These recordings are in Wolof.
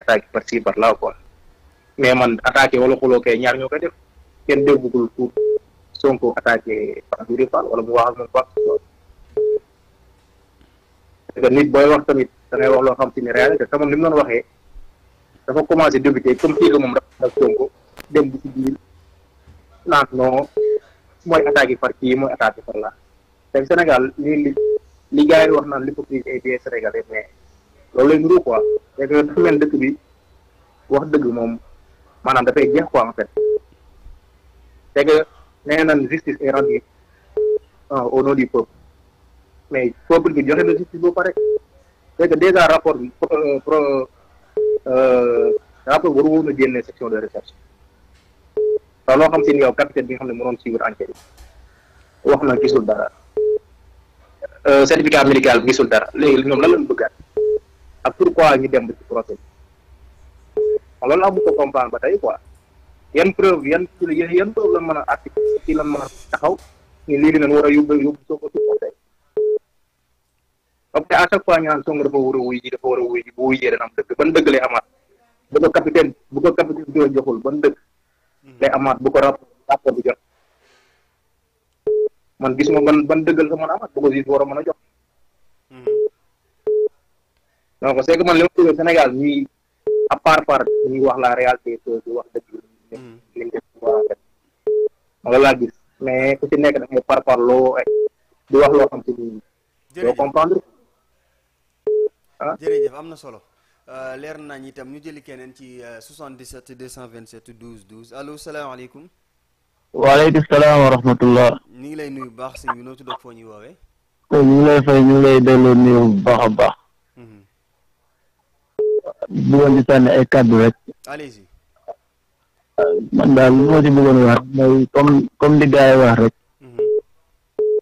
attaque par ci par là quoi mais man attaqué wala xuloo kay ñaar ñoo koy def kenn déggugul pour Sonko attaqué Pape Djibril Fall wala mu wax ak moom Pape parce nit booy wax tamit dangay wax loo xam si ne réalité ni mu doon waxee dafa commencé débuté comme fii moom dafa ak Sonko dem bi si biir naan non mooy attaqué par kii mooy attaqué par là te Sénégal li li yi wax naan l'hypocrisie est bien sénégalais mais loolu lay nuru quoi léegi nag dafa mel dëkk bi wax dëgg moom maanaam dafay jeex quoi en fait c'est que nee nañ justice est rendue euh, au nom du peuple mais peuple bi joxe na justice boo pare c'est que déjà rapport bi pro euh, rapport waru woon a génne section de recherche te loo xam si ni yow capitaine bi nga xam ne mënoon suivre enquête wax na gisul dara euh, certificat médical gisul dara léegi ñoom lan lañ bëggaat ak pourquoi ñu dem ba ci procès bi ba tey quoi yan preuve yan yan preuve la mën a article ci lan a taxaw ni lii dinañ war a yóbbu yóbbu Sonko ci procès ba pare à chaque fois ñu naan Sonko dafa war a wuy ji dafa war a wuy ji bu wuyjee dana am dëgg ban dëgg lay amaat bu ko capitaine bu ko capitaine doo joxul ban dëgg lay amaat bu ko rapport rapport bi jot man gis ma ban ban dëggal sa mën a amaat bu ko gis war a mën a jox donc c' est que man li ma Sénégal ñuy à part part ñuy wax la réalité di wax dëgg hmm. li nga nga laa gis mais ku nekk dafay loo di wax loo xam ci ni doo comprendre ah jërëjëf am na solo euh, leer naa nañ itam ñu jëli keneen ci 77 227 12 12 allo salaamaaleykum waaleykum salaam wa rahmatullah ñu ngi lay nuyu baax si ñu noo tudd ak foo ñuy woowee ñu lay fay ñu lay delloo nuyu bu baax a baax hmm. bëggoon di tànn ay kàddu rek man daal lu ma ci bëggoon wax mooy comme comme li gars yi wax rek mhm.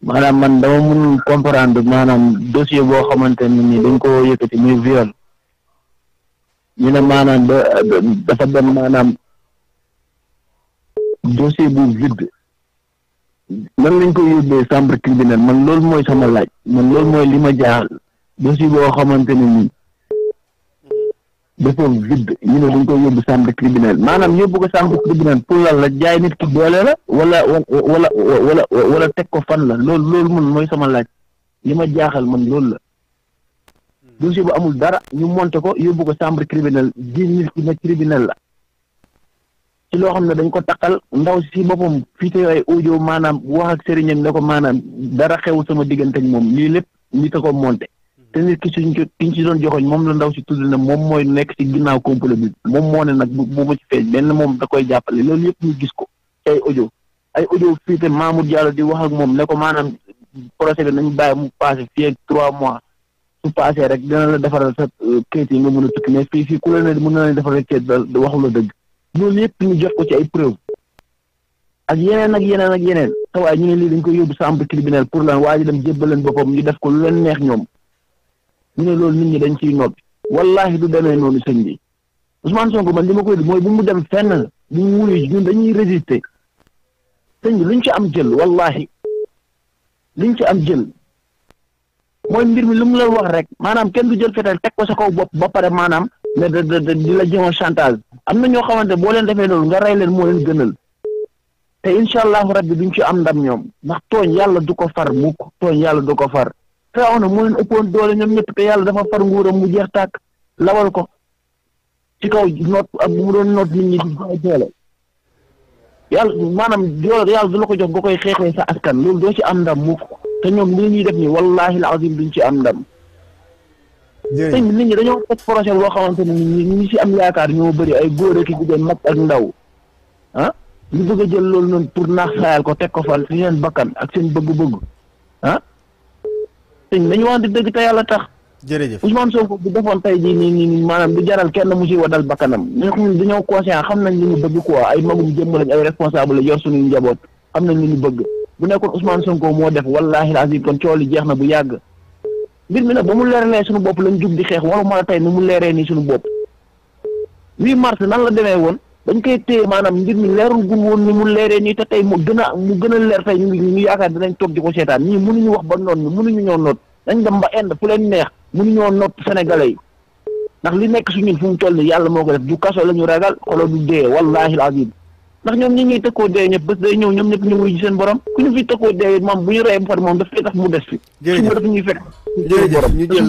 maanaam man dama mënul comprendre maanaam dossier boo xamante ne ni dañ ko yëkkati muy viol ñu ne maanaam da dafa dem maanaam dossier bu vide lan lañ koy yóbbee chambre criminelle man loolu mooy sama laaj man loolu mooy li ma jaaxal dossier boo xamante ni ni defoon vide ñu ne dañ koy yóbbu chambre criminelle maanaam yóbbu ko chambre criminelle pour lan la jaay nit ki doole la wala wala wala wala teg ko fan la loolu loolu mooy sama laaj li ma jaaxal man loolu la hmm. si bu amul dara ñu monté ko yóbbu ko chambre criminelle ji nit ki ne criminel la ci loo xam ne dañ ko taqal ndaw si boppam fiite ay audio maanaam wax ak sëriñam ne ko maanaam dara xew sama diggante ak moom lii lépp nit a ko monté te nit ki suñ ñu ci doon joxoñ moom la ndaw si tudd na moom mooy nekk ci ginnaaw complot bi moom moo ne nag bu ma ci feeñ benn moom da koy jàppale loolu yëpp ñu gis ko ay ay audio fii te Mamour Diallo wax ak moom ne ko maanaam procès bi nañ bàyyi mu passé fii ak trois mois su passé rek dina la defaral sa euh, kayit yi nga mën a tukki mais fii fii ku la ne mën na la defaral kayit da waxu la dëgg loolu yëpp ñu jot ko ci ay preuve ak yeneen ak yeneen ak yeneen sa ñu ne lii dañ koy yóbbu chambre criminelle pour lan waaye dem jébbaleen boppam ñu def ko lu leen neex ñoom mu ne loolu nit ñi dañ ciy noppi wallahi du demee noonu sëñ bi Ousmane Sonko man li ma koy mooy bu mu dem fenn bu mu wuyu ñun dañuy résister sëñ bi luñ ci am jël wallahi luñ ci am jël mooy mbir mi lu mu la wax rek maanaam kenn du jël fetal teg ko sa ko bopp ba pare maanaam ne da da di la jëma chantage am na ñoo xamante boo leen defee loolu nga rey leen moo leen gënal te incha allahu rabbi duñ ci am ndam ñoom ndax tooñ yàlla du ko far mukk tooñ yàlla du ko far Firawna moo leen ëppoon doole ñoom ñëpp te yàlla dafa far nguuram mu jeex tàkk lawal ko ci kaw noot ak bu mu doon noot nit maanaam doole yàlla du la ko jox nga koy xeexee sa askan loolu doo ci am ndam mukk te ñoom li ñuy def nii wallaahi alazim duñ ci am ndam. jërëjëf nit ñi dañoo teg projet boo xamante ne nit ñi ñu ci am yaakaar ñoo bëri ay góor ak jigéen mag ak ndaw ah? ñu bëgg a jël loolu noonu pour naax saayal ko teg ko fan ci seen bakkan ak seen bëgg-bëgg ah. te nañu waxante dëgg te yàlla tax. jërëjëf Ousmane Sonko bu defoon tey jii nii nii maanaam du jaral kenn mu si wadal bakkanam ñoo xam ne dañoo conscient xam nañ li ñu bëgg quoi ay magum jëmm lañ ay responsable yor suñu njaboot xam nañ li ñu bëgg bu nekkoon Ousmane Sonko moo def wallaahi laazim kon coow li jeex na bu yàgg mbir mi ne ba mu leeralee suñu bopp lañ jub di xeex waru ma tey ni mu leeree nii suñu bopp 8 mars nan la demee woon dañ koy téye maanaam mbir mi leerul gun woon ni mu leeree nii te tey mu gën a mu gën a leer tey ñu ñu yaakaar dinañ toog di ko seetaan ñii mënuñu wax ba noon ñu mënuñu ñoo noot dañ dem ba ind fu leen neex mënuñoo noot sénégalais yi ndax li nekk suñu fu mu toll ni yàlla moo ko def du kaso la ñu ragal xooloo du dee wallaahi azim ndax ñoom ñi ñuy tëkkoo dee ñëpp bés day ñëw ñoom ñëpp ñu wuy seen borom ku ñu fi tëkkoo dee moom bu ñu rey mu far moom daf fay tax ñu jël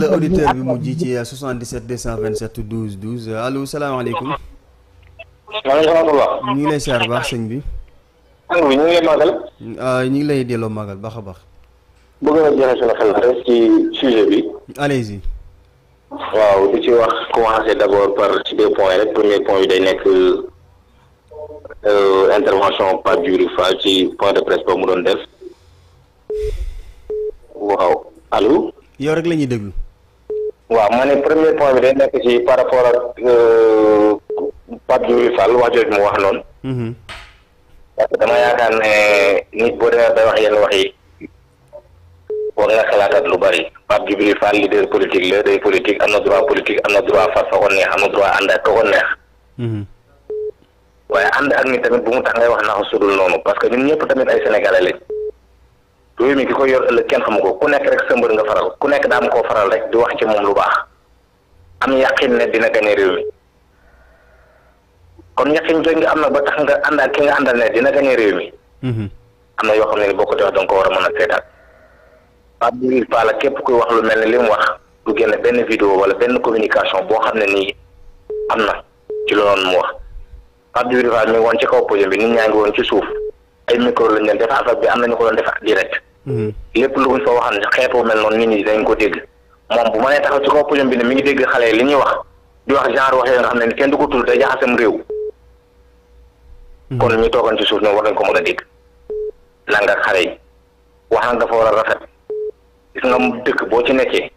auditeur bi mujj ci 77 227 12 ñu ngi lay siyaar baax sëñ bi. ñu ngi lay màggal. Ah, ñu ngi lay delloo màggal baax a baax. bëgg na joxe sama xel ci sujet bi. allez waaw di ci wax commencer d'abord par ci deux points rek premier point bi day nekk euh, intervention Pape Diouri ci point de presse ba mu doon def. waaw allo. yow rek la ñuy waaw ma ne premier point bi day nekk ci par rapport ak. Euh, Pape Djibril Fall wax jooju mu wax noonu. Mhm. parce que dama yaakaar ne nit boo demee bay wax yenn wax yi war nga xalaatat lu bari Pape Djibril Fall leader politique la day politique am na droit politique am na droit fas fa ko neex am na droit ànd ak ko mhm. tamit bu mu tax ngay wax naka sudul noonu parce que ñun ñëpp tamit ay sénégalais lañ réew mi ki ko yor ëllëg kenn xamu ko ku nekk rek sëmbër nga faral ku nekk daa am koo faral rek di wax ci moom lu baax am yàqin ne dina gañe réew mi. kon ñàkk njëriñ am na ba tax nga ànd ak ki nga àndal ne dina gañe réew mi. Mhm. am na yoo xam ne boo ko defee da nga ko war a mën a seetaat. Pape Djibril Fall képp kuy wax lu mel ni li mu wax du génn benn vidéo wala benn communication boo xam ne nii am na ci loolu mu wax Pape Djibril woon ci kaw podium bi nit ñaa ngi woon ci suuf ay micro lañ leen def affaire bi ko doon def direct. Mhm. lépp lu ñu fa waxan xeetu mel noonu nit ñi dañ ko dégg moom bu ma nee taxaw bi ne mi ngi dégg xale yi li ñuy wax di wax genre wax xam ne kenn du ko tudd day jaxasam réew. Mm-hmm. kon ñu toogan ci suuf ñoom war nañ ko mën a dégg làng ak xale yi waxaan dafa war a rafet gis nga dëkk boo ci nekkee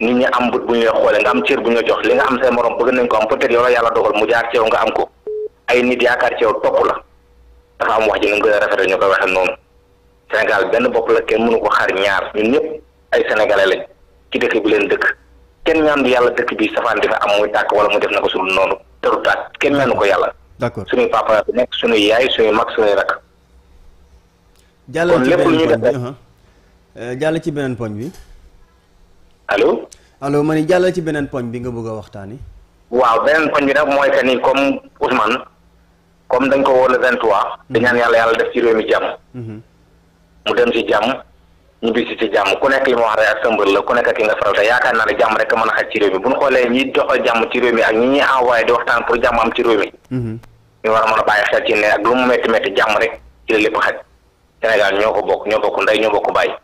nit ñi am bët bu ñu lay xoolee nga am cër bu ñu jox li nga am say morom bëgg nañ ko am peut-être yow la yàlla dogal mu jaar ci yow nga am ko ay nit yaakaar ci yow topp la dafa am wax ji ñu gën a rafetal ñu koy waxee noonu Sénégal benn bopp la kenn mënu ko xar ñaar ñun ñëpp ay sénégalais lañ ci dëkk bi leen dëkk kenn ñaan yàlla dëkk bi safaan di fa am wala mu def na ko sul noonu teru tàkk kenn ñaanu ko yàlla d'accord suñuy papa bi nekk suñuy yaay suñuy mag suñuy rak. kon lépp lu ñuy def rek uh-huh. uh, jàll ci beneen poñ bi. allo. aloo man ni jàll ci beneen poñ bi nga bëgg a waxtaani waaw beneen poñ bi nag mooy que ni comme Ousmane comme dañ ko woo le 23. dañaan mm-hmm. yàlla yàlla def ci réew mi jàmm. Mm-hmm. mu dem ci jàmm. ñu gis ci jàmm ku nekk li ma wax rek ak sa mbër la ku nekk ak ki nga faral te yaakaar naa ne jàmm rek mën a xaj ci réew mi bu ñu xoolee ñi doxal jàmm ci réew mi ak ñi ñuy envoyé di waxtaan pour jàmm ci réew mi. Mhm. ñu war a mën a bàyyi xel ci ne ak lu mu métti métti jàmm rek ci la lépp xaj Sénégal ñoo ko bokk ñoo bokk ndey ñoo bokk bàyyi.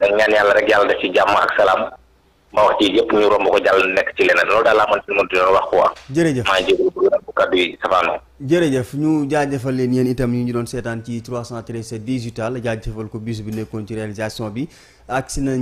dañ ñaan yàlla rek yàlla def ci jàmm ak salaam. ma wax ci yëpp ñu romb ko jàll nekk ci leneen loolu daal laa mën si mënti doon wax quoi. jërëjëf ngi jërëjëf ñu jaajëfal leen yéen itam ñu doon seetaan ci 313 digital jaajëfal ko bis bi nekkoon ci réalisation bi agsi nañ